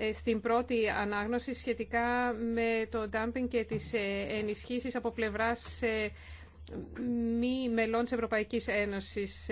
Ε, στην πρώτη ανάγνωση σχετικά με το dumping και τις ε, ενισχύσεις από πλευράς ε, μη μελών της Ευρωπαϊκής Ένωσης